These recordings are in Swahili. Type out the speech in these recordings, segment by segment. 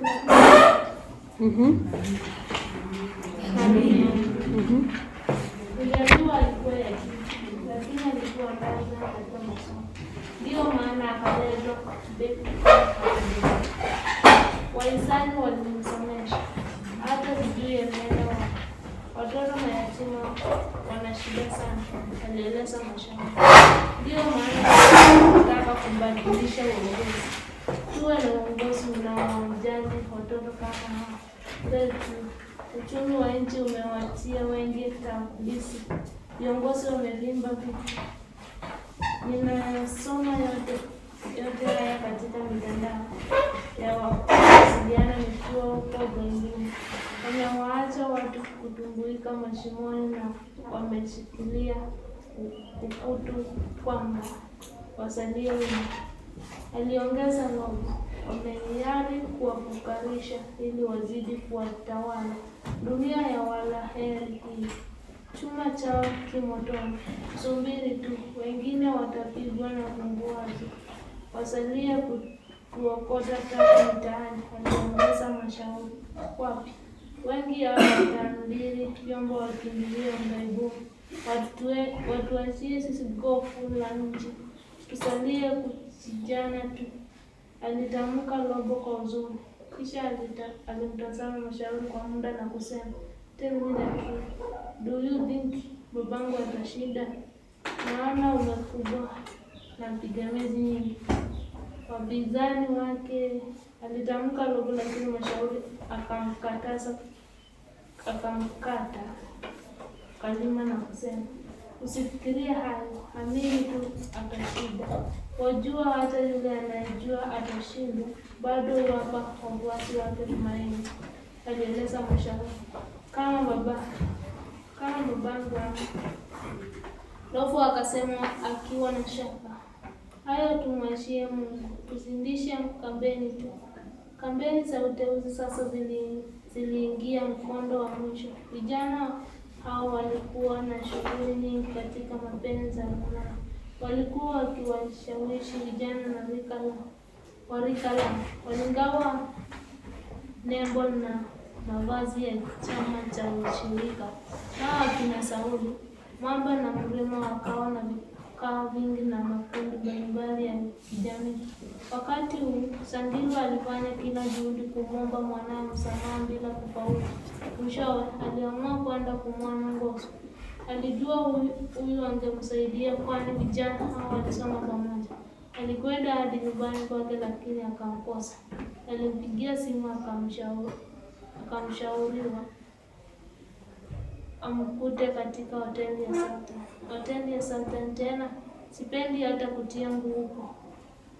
Mhm. Mhm. Niliambiwa alikuwa maana akalezwa kwa kibeti. walimsomesha, hata sijui ameelewa. Watoto mayatima wana shida sana, alieleza Mashaka. Ndiyo maana nataka kumbadilisha uongozi, tuwe na uongozi unao watoto kama wetu. Uchumi wa nchi umewatia wengi kabisa, viongozi wamevimba vitu. Ninasoma yote yote haya katika mitandao ya mawasiliano nikiwa huko gengine. Wamewaacha watu kutumbuika mashimoni na wameshikilia ukutu kwamba wasalie wengi. Aliongeza Ng'ombe wameyari kuwafukarisha ili wazidi kuwatawala. Dunia ya walaheri hii, chuma chao kimotoni. Subiri tu, wengine watapigwa na mungwazo, wasalie kutuokota taka mtaani. Waliongeza mashauri, wapi wengi hao watarudili vyombo, wakimbilia ughaibuni. Watuachie sisi gofu la nchi, tusalie kusijana tu Alitamka Robo kwa uzuri kisha alimtazama Mashauri kwa muda na kusema, "Tell me the truth. Do you think babangu atashinda? Naona umekumbwa na pingamizi nyingi." Wapinzani wake alitamka Robo, lakini Mashauri akamkataza, akamkata kalima na kusema, "Usifikirie hayo, amini tu atashinda." Wajua hata yule anayejua atashindwa, bado wapa wafuasi wake tumaini. Alieleza mashauri kama baba kama babangu Lofu akasema akiwa na shaka, hayo tumwachie Mungu, tuzindishe kampeni tu. Kampeni za uteuzi sasa ziliingia mkondo wa mwisho. Vijana hao walikuwa na shughuli nyingi katika mapenzi za Walikuwa wakiwashawishi vijana wa rika la walingawa nembo na mavazi ya chama cha ushirika. Hawa kina Sauli, Mwamba na Mrema wakawa na vikao vingi na makundi mbalimbali ya kijamii. Wakati huu Sangilwa alifanya kila juhudi kumwomba mwanawe msamaha bila kufaulu. Mwishowe aliamua kwenda kumwona ngozo Alijua huyu angemsaidia kwani vijana hao walisoma pamoja. Alikwenda hadi nyumbani kwake lakini akamkosa. Alimpigia simu akamshauriwa amkute katika hoteli ya Sultan. Hoteli ya Sultan tena, sipendi hata kutia nguu huko,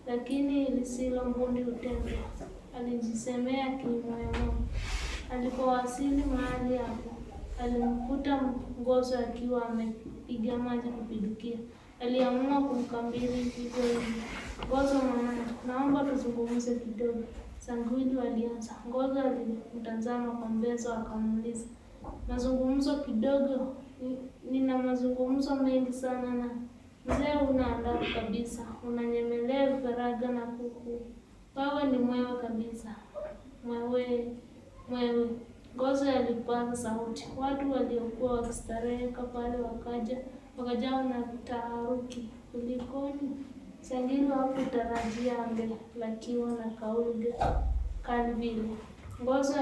lakini ilisilo mbundi hutendwa, alijisemea kimoyomoyo. Alipowasili mahali hapo alimkuta Mpongozo akiwa amepiga maji kupindukia. Aliamua kumkabili hivyo hivyo. Ngozo mwanangu, naomba tuzungumze kidogo. Sanguini alianza. Ngozo alimtazama kwa mbezo akamuuliza, mazungumzo kidogo? Nina mazungumzo mengi sana na mzee. Una adabu kabisa, unanyemelea faraga na kuku. Wewe ni mwewe kabisa, mwewe mwewe. Ngozi alipaza sauti. Watu waliokuwa wakistarehe pale wakaja wakajawa na taharuki. Kulikoni? Sajili hakutarajia angelakiwa na kauli kali vile. Ngozi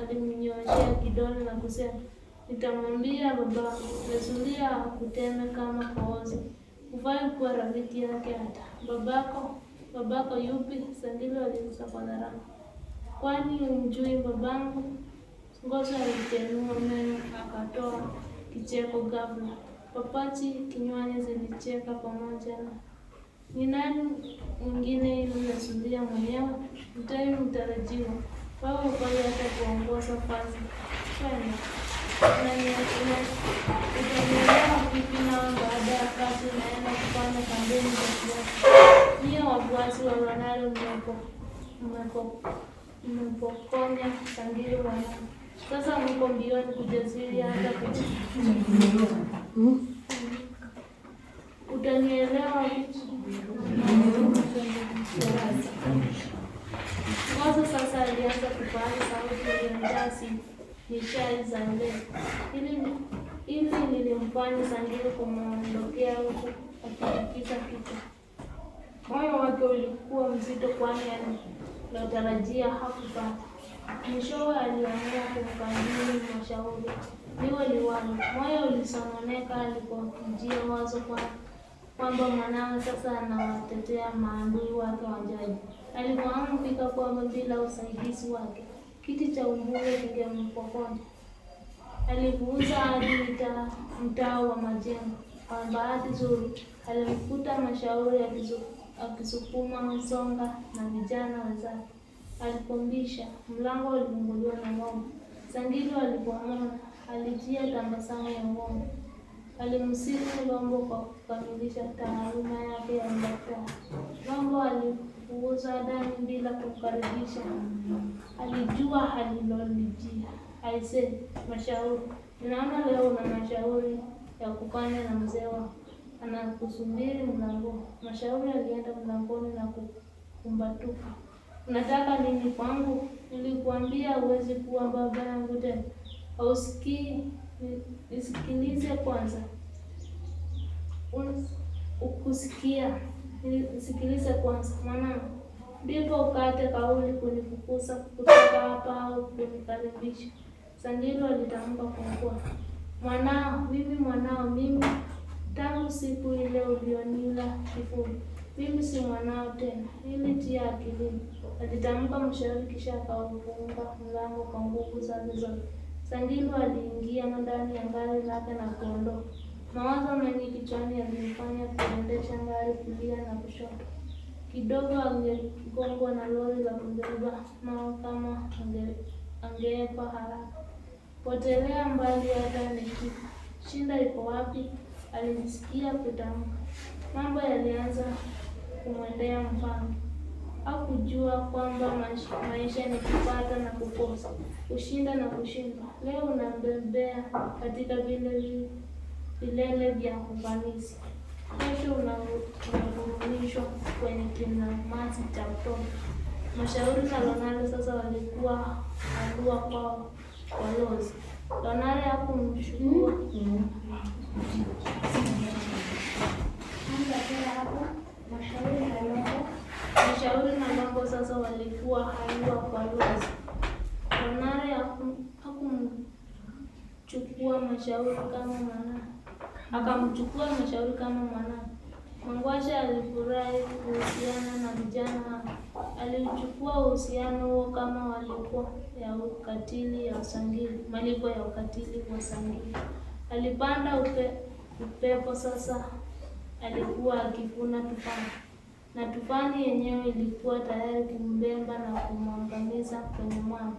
alimnyooshea kidole na kusema, nitamwambia babangu. Mezulia akuteme kama kaozi, hufai kuwa rafiki yake hata. Babako babako yupi? Sandilo alimsa kwa dharau. Kwani mjui babangu? Ngozi alitanua meno akatoa kicheko ghafla. Papati kinywani zilicheka pamoja na ni nani mwingine yule zulia mwenyewe? mtai mtarajiwa. Wewe hufai hata kuongoza kazi. Kwani utanielewa vipi nawe baada ya kazi naenda kufanya kampeni za siasa? Nyie wafuasi wa Ronaldo mmepokonya sangili wanangu sasa mko mbioni kujasiri hata hmm? utanielewa. Mwanzo sasa alianza kupaza sauti ya ndasi nishai za mbele ili nilimfanya Sangili kumwondokea huku akitikisa kichwa. Moyo wake ulikuwa mzito, kwani alilotarajia hakupata Mwishowe aliamua kumkabili Mashauri liwe liwalo. Moyo ulisononeka alipomjia wazo kwamba mwanawe sasa anawatetea maadui wake wa jadi. Alifahamu fika kwamba bila usaidizi wake kiti cha ubunge kingempokonya. Alipuuza hadi mtaa wa Majengo. Kwa bahati nzuri, alimkuta Mashauri akisukuma msonga na vijana wenzake. Alipombisha, mlango ulifunguliwa na ng'ombe. Sangili alipomwona, alijia tabasamu ya ng'ombe. Alimsifu Lombo kwa kukamilisha taaluma yake ya udaktari. Lombo alifuuza dani bila kukaribisha alijua alilolijia Aisee, mashauri, ninaona leo una mashauri ya kufanya na mzee wako anakusubiri mlango. Mashauri alienda mlangoni na kukumbatuka. Unataka nini kwangu? Nilikuambia huwezi kuwa baba yangu tena. Hausikii? Nisikilize kwanza. Ukusikia? Nisikilize kwanza mwanangu, ndipo ukate kauli kunifukuza kutoka hapa au kunikaribisha. Sandilo alitamka kwa nguvu. Mwanao, mimi mwanao, mimi tangu siku ile ulionila kifuni mimi si mwanao tena, ili tia akilini, alitamka mshauri, kisha akaufunga mlango kwa nguvu zake zote. Sangilo aliingia ndani ya gari lake na kuondoka. Mawazo mengi kichwani yalimfanya kuendesha gari kulia na kushoto. Kidogo angegongwa na lori la kubeba mawe kama angeekwa haraka. Potelea mbali, hata nikifa. Shinda iko wapi? Alijisikia kutamka. Mambo yalianza kumwendea mfano au kujua kwamba maisha ni kupata na kukosa, kushinda na kushindwa. Leo unabembea katika vile vilele vya ufanisi, kesho unavurumishwa kwenye kinamasi cha utoto. Mashauri na Lonare sasa walikuwa hatua kwao walozi. Lonare hakumshukuru mm-hmm. mashauri ambazo walikuwa hatua kwa lugha. Onare hakumchukua mashauri kama mwanae, akamchukua mashauri kama mwana Mangwasha alifurahi kuhusiana na vijana hao. alichukua uhusiano huo kama walikuwa ya ukatili ya usangili, malipo ya ukatili wa sangili. Alipanda upe, upepo sasa alikuwa akivuna tufani na tufani yenyewe ilikuwa tayari kumbemba na kumwangamiza kwenye mwamba.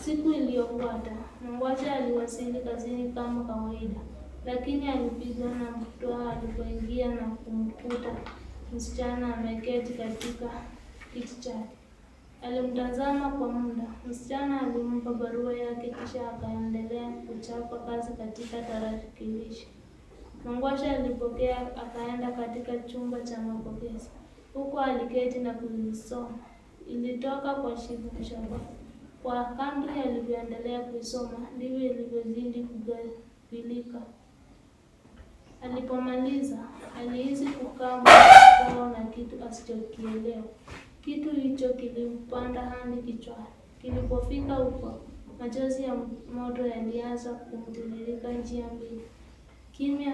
Siku iliyofuata Mngwacha aliwasili kazini kama kawaida, lakini alipigwa na mtoa alipoingia na kumkuta msichana ameketi katika kiti chake. Alimtazama kwa muda. Msichana alimpa barua yake, kisha akaendelea kuchapa kazi katika tarakilishi. Mangwasha alipokea akaenda katika chumba cha mapokezi. Huko aliketi na kuisoma Ilitoka kwa Shivu Mshaba. Kwa kadri alivyoendelea kuisoma ndivyo ilivyozidi kughafilika. Alipomaliza alihisi kukaa na kitu asichokielewa. Kitu hicho kilimpanda hadi kichwani. Kilipofika huko, machozi ya moto yalianza kumtiririka njia mbili. Kimya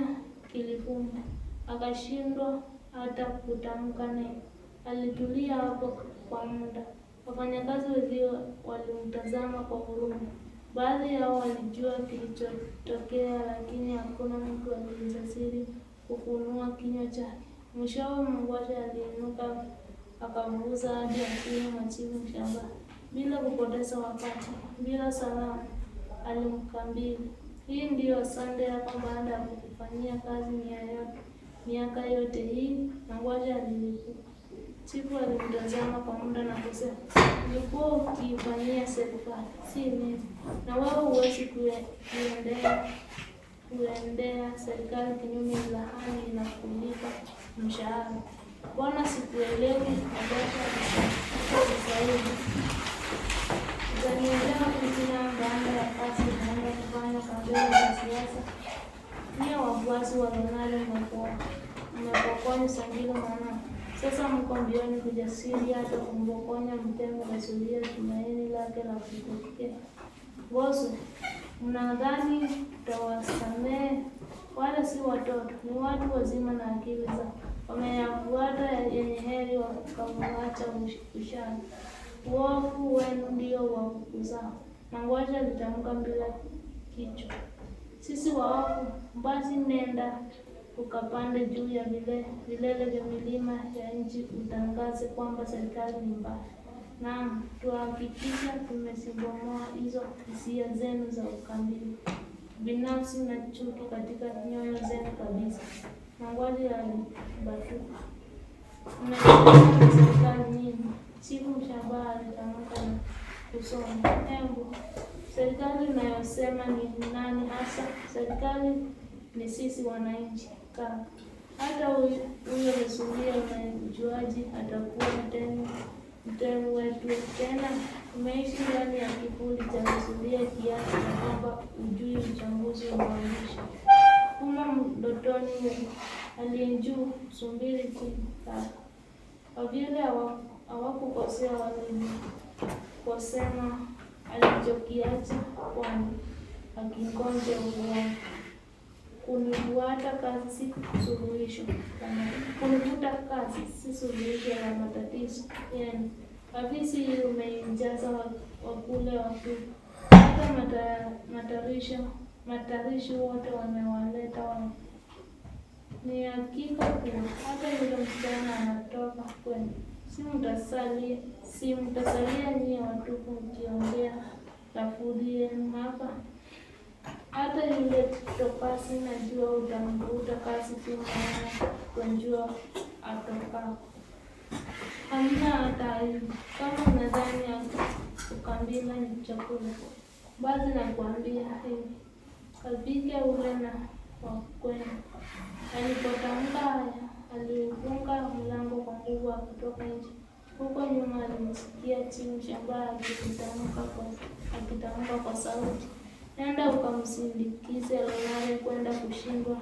kilifumba, akashindwa hata kutamka neno. Alitulia hapo kwa muda. Wafanyakazi wenzio walimtazama kwa huruma. Baadhi yao walijua kilichotokea, lakini hakuna mtu alijasiri kufunua kinywa chake. Mwishowe Mngwasha aliinuka akamuuza hadi akinywa machini shambani, bila kupoteza wakati, bila salamu alimkabili. Hii ndiyo sande yako baada ya kukufanyia kazi miaka yote hii. Na ngoja nilipe. Chifu alimtazama kwa muda na kusema, ulikuwa ukiifanyia serikali, si mimi, na wewe huwezi kuendea kuendea serikali kinyume na hali inakulipa mshahara. Bwana, sikuelewi. Agasha zaidi Tayari sangilo maana sasa mko mbioni kujasiri, hata kumpokonya mtego kasulia tumaini lake la kutukia. Bosi, mnadhani tutawasamehe? Wala si watoto, ni watu wazima na akili za wameyafuata yenye heri, wakamuacha ushani. Uovu wenu ndio wa kuzaa na ngoja litamka bila kichwa. Sisi waovu, basi nenda ukapande juu ya vilele vya milima ya nchi, utangaze kwamba serikali ni mbaya. Naam, tuhakikisha tumesimbomoa hizo hisia zenu za ukabili binafsi na chuki katika nyoyo zenu kabisa. Mangwali alibatuka serikali nini? siku mshabaha alitamka na kusoma embu serikali inayosema ni nani hasa? Serikali ni sisi wananchi. Hata huyo Msuria unamjuaje atakuwa mtenu wetu tena? Umeishi ndani ya kikundi cha Msuria kiasi na kwamba ujui uchambuzi wa maandishi. Kuma mdotoni alimjuu Msumbiri kika kwa vile hawakukosea waliposema alichokiacha kwani akingonja ugonjwa univuata kazi si suluhisho, univuta kazi si suluhisho ya matatizo. Yani afisi hii umeijaza wakule wakuu, hata matayarisho matarishi wote wamewaleta wao. Ni hakika kuwa hata yule msichana anatoka kwenu, si mtasalia si mtasalia nyie watupu mkiongea lafudie hapa hata yule topasi najua utamkuta kasi tu, maana kwa njua atoka. Hamna ataibu. Kama unadhani ukambila ni chakula, basi nakuambia hivi, kapike ule na wakwenda. Alipotamka haya, aliufunga mlango kwa nguvu akitoka nje. Huko nyuma alimsikia chini shamba akitamka kwa sauti Nenda ukamsindikize Lonare kwenda kushindwa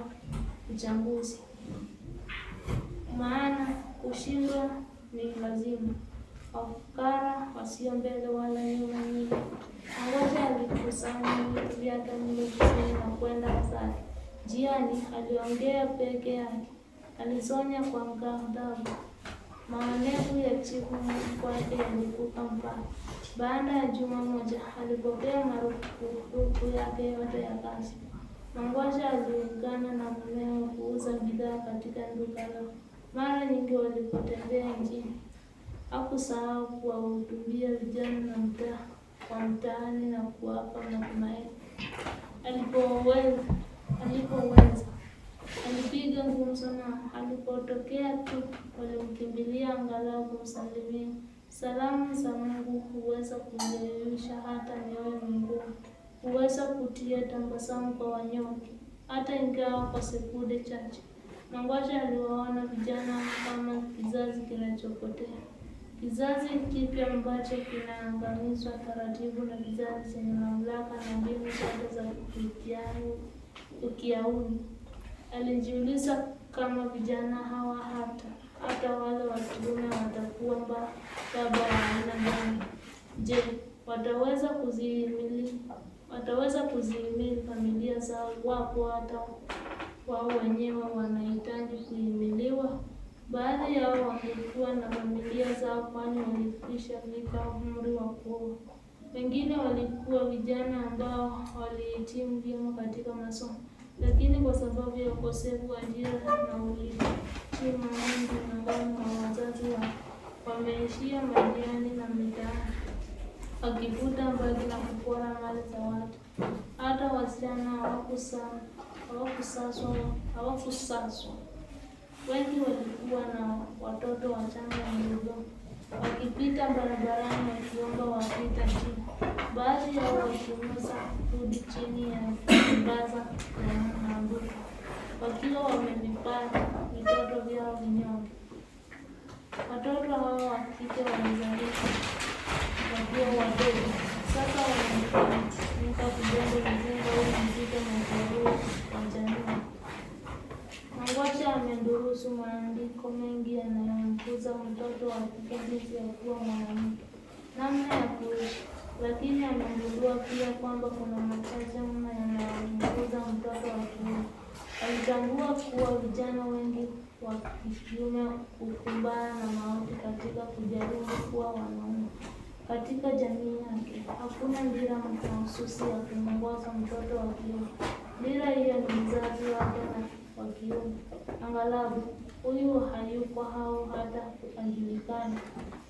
uchambuzi, maana kushindwa ni lazima. Wafukara wasio mbele wala nyuma nyingi. Angoja alikusanya vitu vyake mle kusini na kwenda zake. Njiani aliongea peke yake, alisonya kwa ghadhabu. Maonevu ya chifu kwake yalikuka mpaka baada ya juma moja alipokea marufuku yake yote ya kazi. Mangwasha aliungana na mumeo kuuza bidhaa katika duka lao. Mara nyingi walipotembea nchini, hakusahau kuwahutubia vijana na mtaa kwa mtaani na kuwapa matumaini. Alipoweza alipoweza alipiga ngumzo, na alipotokea tu walimkimbilia angalau kumsalimia. Salamu za Mungu huweza kuelimisha hata mioyo migumu, huweza kutia tabasamu kwa wanyonge, hata ingawa kwa sekunde chache. Mangwasha aliwaona vijana kama kizazi kinachopotea, kizazi kipya ambacho kinaangamizwa taratibu na vizazi zenye mamlaka na mbinu zote za ukiauni. Alijiuliza kama vijana hawa hata hata wale wateule watakuomba baba ya aina gani? Je, wataweza kuzihimili? Wataweza kuzihimili familia zao? Wapo hata wao wenyewe wanahitaji kuhimiliwa. Baadhi yao wamekuwa na familia zao, kwani walifikisha umri wa kuoa. Wengine walikuwa vijana ambao walihitimu vyema katika masomo, lakini kwa sababu ya ukosefu wa ajira na ulivu hekima wengi miongoni mwa wazazi wameishia majiani na mitaani wakivuta bangi na kupora mali za watu. Hata wasichana hawakusaswa. Wengi walikuwa na watoto wachanga wadogo, wakipita barabarani wakiomba wapita tu, baadhi yao wakiuza udi chini ya baraza ya magugu wakiwa wamevipaa vitoto vyao vinyonge. Watoto hao wa kike wakiwa wadogo, sasa wananuka kujenga mzinga huu mzito na utaruu wa jamii. Mangwasha amedurusu maandiko mengi yanayomkuza mtoto wa kike jinsi ya kuwa mwanamke, namna ya kuishi, lakini amegundua pia kwamba kuna machache mno yanayomkuza mtoto wa kiume. Tulitambua kuwa vijana wengi wa kiume hukumbana na mauti katika kujaribu kuwa wanaume. Katika jamii yake hakuna dira mahususi ya kumwongoza mtoto wa kiume. Dira hiyo ni mzazi wake na wa kiume, angalau huyu hayupo au hata hajulikani,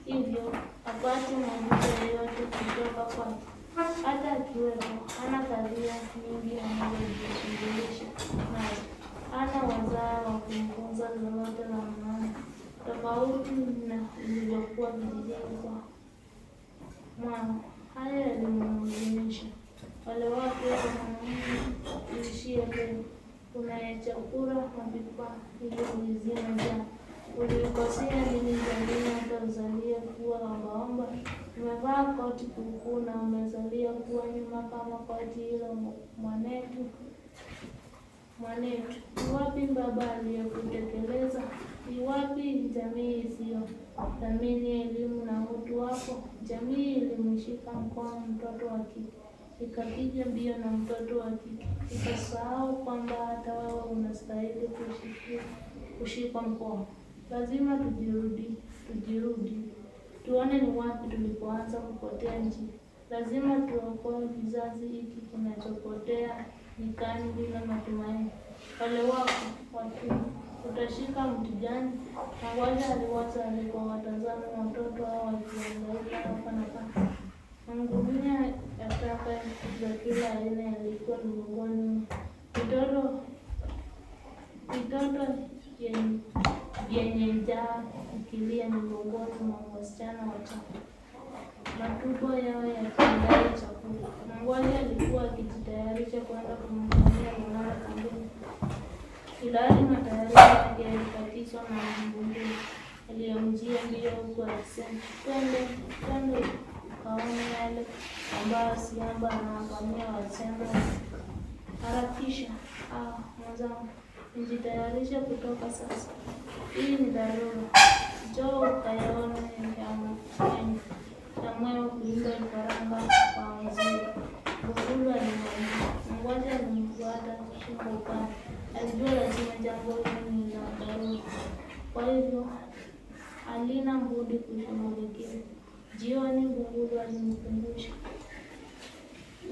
hivyo hapati majibu yoyote kutoka kwake. Hata akiwepo, hana tabia nyingi anazojishughulisha nazo. Hana wazaa wa kumfunza lolote la maana, tofauti na ilivyokuwa vijijini mwao. Haya yalimhuzunisha. Waliwahi kuwa mwanamke ishie leo, unayechakura mapikwa ili kuzima njaa. Ulikosea nini jamii hata uzalie kuwa ombaomba? Umevaa koti kuukuu na umezalia kuwa nyuma kama koti hilo mwanetu mwanetu, ni wapi baba aliyekutekeleza? Ni wapi jamii isiyothamini elimu na utu wako? Jamii ilimshika mkono mtoto wa kike, ikapiga mbio na mtoto wa kike, ikasahau kwamba hata wewe unastahili kushikwa mkono. Lazima tujirudi, tujirudi, tuone ni wapi tulipoanza kupotea njia. Lazima tuokoe kizazi hiki kinachopotea nyikani bila matumaini. Waliua watu, utashika mti gani? Mauaji aliwaza alipowatazama watoto hao wakihangaika hapa na pale. Mangunia ya taka za kila aina yalikuwa mgongoni, vitoto vitoto vyenye njaa ikilia mgongoni mwa wasichana wachache matumbo yao yakidai chakula. Mangwale alikuwa akijitayarisha kwenda kumfanyia Munara kambini. Hilali matayarisho yake yalikatizwa na mvumbuzi aliyemjia mbio huku akisema, twende twende ukaone yale ambayo Siamba anawafanyia wachenga Harakisha ah, mwenzangu, nijitayarishe kutoka sasa, hii ni dharura, njoo ukayaone bora ninageuza. Kwa hivyo halina budi kushughulikiwa. Jioni Mbuguru alinikumbusha,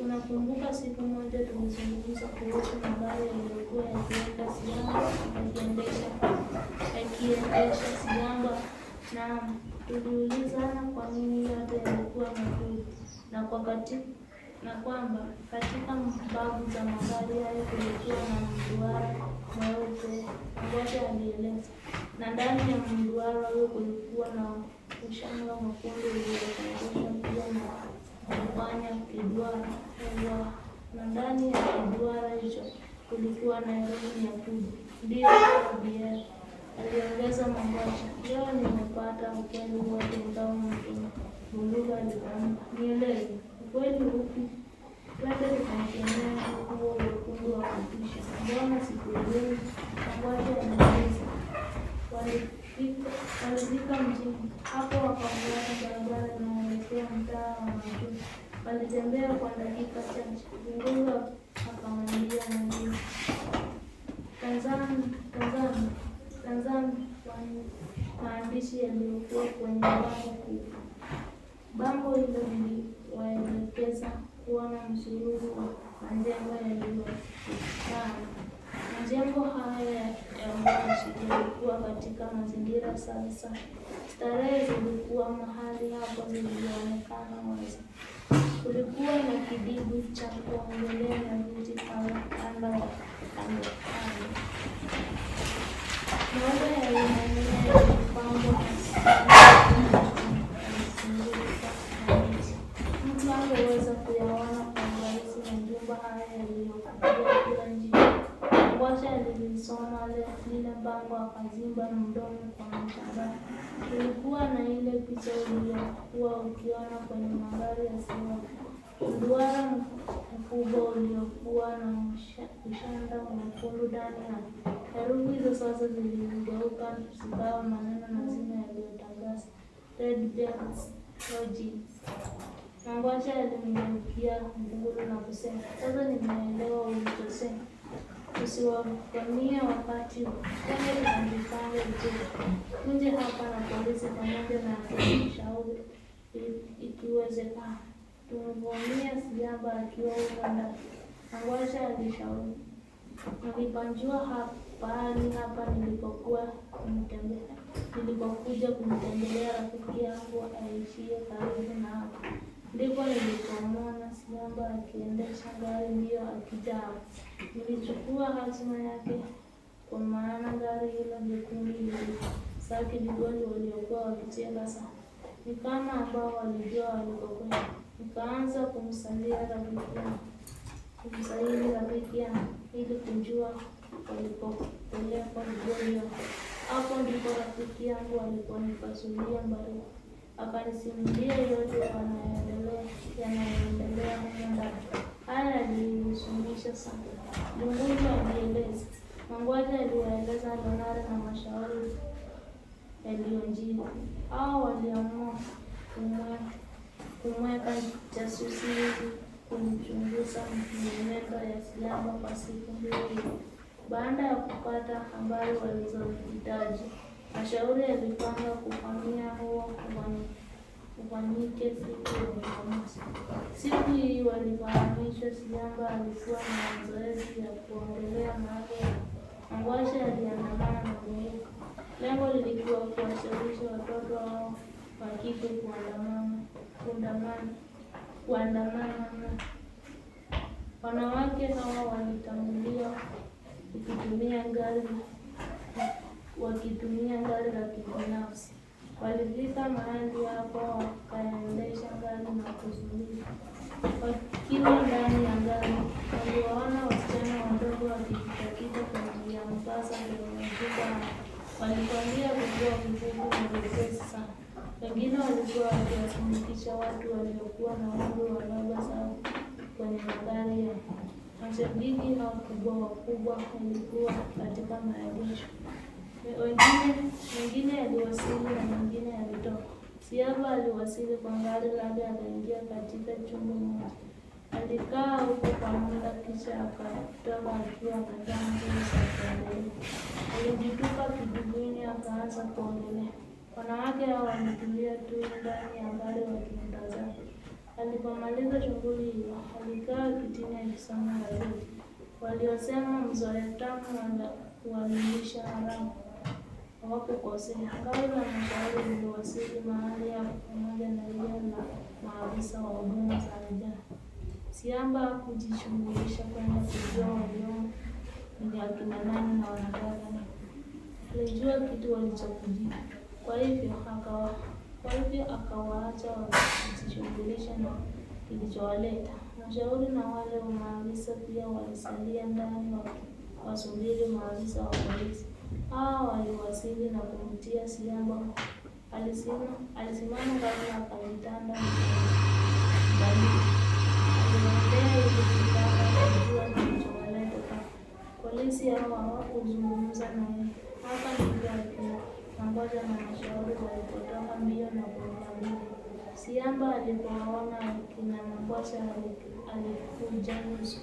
unakumbuka siku moja tulizungumza kuhusu magari yaliyokuwa yakienda Siamba yakiendesha yakiendesha Siamba? Naam, tuliulizana kwa nini yote yalikuwa mazuri na kwa kati na kwamba katika mbavu za magari hayo kulikuwa na mduara mweupe, mgonjwa alieleza, na ndani ya mduara huo kulikuwa na ushanga mwekundu uliozungushwa pia na kufanya kiduara hewa, na ndani ya kiduara hicho kulikuwa na elimu ya kudu ndio abiari aliongeza Mwangacha. Leo nimepata ukweli wote ambao mvumbuzi aliuamba. Nielewe ukweli upi? Labda nitategemea huo wekundu wa kutisha. Mbona sikuelewi? Pamoja na meza walifika mjini, hapo wakaungana barabara inayoelekea mtaa wa Majuto. Walitembea kwa dakika chache, Lunguza akamwambia mwingine, tazama maandishi yaliyokuwa kwenye bango kuu. Bango hilo liliwaelekeza kuona msururu wa majengo yaliyoshikana. Majengo haya ya yalikuwa katika mazingira safi sana. Starehe zilikuwa mahali hapo zilionekana wazi. Kulikuwa na kidibu cha kuongelea na viti kama kando wa kando kando. Maua ya aina haya yaliyokuwa kila njia. Mbwasha alilisoma lile bango akazimba mdomo kwa mshangao. Kulikuwa na ile picha uliyokuwa ukiona kwenye magari ya simulizi, mduara mkubwa uliokuwa na ushanda mwekundu ndani yake. Herufi hizo sasa ziligeuka zikawa maneno mazima yaliyotangaza, Red Jackets Lodgings. Mabwasha alimgeukia Mkunguni na kusema, sasa nimeelewa ulichosema, usiwavamie wakati huu, fanya vipandepande vizuri, kuja hapa na polisi pamoja na shauri ikiwezekana, tumvamia Sigamba akiwa huko ndani. Mabwasha alishauri, nilipanjua hapa pahali hapa nilipokuwa kumtembelea, nilipokuja kumtembelea rafiki yangu aishie karibu na hapa alikuwa akiendesha gari mbio akijaa. Nilichukua hatima yake, kwa maana gari hilo jekundu lilisaki vigoli waliokuwa wakicheza sana, ni kama ambao walijua walikokwenda. Nikaanza kumsalia rafiki kumsahili rafiki yangu ili kujua walipopelekwa vigoli. Hapo ndipo rafiki yangu aliponipasulia mbarika wakanisimulia yote yanayoendelea humo ndani. Haya yalinihuzunisha sana. Mungu alieleza Mangwaja aliwaeleza Lonara na mashauri yaliyojiri. Hao waliamua kumweka jasusi hivi kumchunguza mienendo ya silaha kwa siku mbili baada ya kupata habari walizohitaji. Mashauri yalipanga kufanyia huo kufanyike siku ya Alhamisi. Siku hii walifahamishwa Siamba alikuwa na mazoezi ya kuongelea mago. Mangwasha aliandamana na Mwinuko. Lengo lilikuwa kuwashawishi watoto wao wa kike kuandamana kuandamana. Wanawake hawa walitambuliwa ikitumia gari wakitumia gari la kibinafsi. Walifika mahali hapo wakaendesha gari na kusubiri. Wakiwa ndani ya gari, waliwaona wasichana wadogo wakijitakiza kwenye ya mkasa limezuka. Walikwambia kulikuwa uvuvu na wepesi sana. Wengine walikuwa wakiwasimikisha watu waliokuwa na umri wa baba zao kwenye magari yao. Mashabiki na wakubwa wakubwa walikuwa katika maegesho wengine yaliwasili na mwingine yalitoka. Siaba aliwasili kwa ngari labda akaingia katika chumba moja. Alikaa huko kwa muda, kisha akatoka akiwa amevaa nguo za kuogelea. Alijitupa kidimbwini akaanza kuogelea. Wanawake hao wametulia tu ndani ya gari wakimtazama. Alipomaliza shughuli hiyo, alikaa kitini akisoma gazeti. Waliosema mzoe tamu walilisha haramu hawakukosea Ngao na Mshauri niliwasili mahali hapo pamoja na Leo na maafisa wa huduma za vijana. Siamba hakujishughulisha kwenda kujua waliomo ni akina nani na wanataka nini. Alijua kitu walichokujia, kwa hivyo akawa kwa hivyo akawaacha wakijishughulisha na kilichowaleta. mashauri na wale maafisa pia walisalia ndani wakisubiri maafisa wa polisi. Hawa waliwasili na kumtia siamba alisimama karibu akamtanda msalaba aliongea ili kutaka kujua kilichowaleta Polisi hao hawakuzungumza naye hapa ndipo alipoongozwa na mashauri walipotoka mbio na kumkabili Siamba alipowaona kina Mabwasa alikuja nusu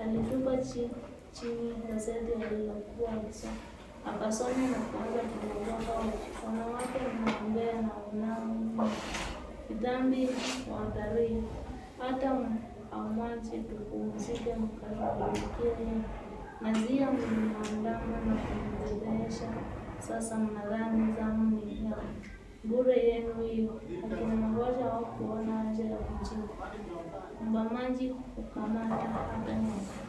alitupa chini gazeti alilokuwa akisoma akasoma na kuanza kuogopa. Wanawake humwombea na unao dhambi huangalia, hata hamwachi tupumzike, mkashughulikie Nazia mlimwandama na kumdhalilisha. Sasa mnadhani zamu ni ya bure yenu hiyo, akinangoja au kuona nje ya kujibu. Mbamaji kukamata hata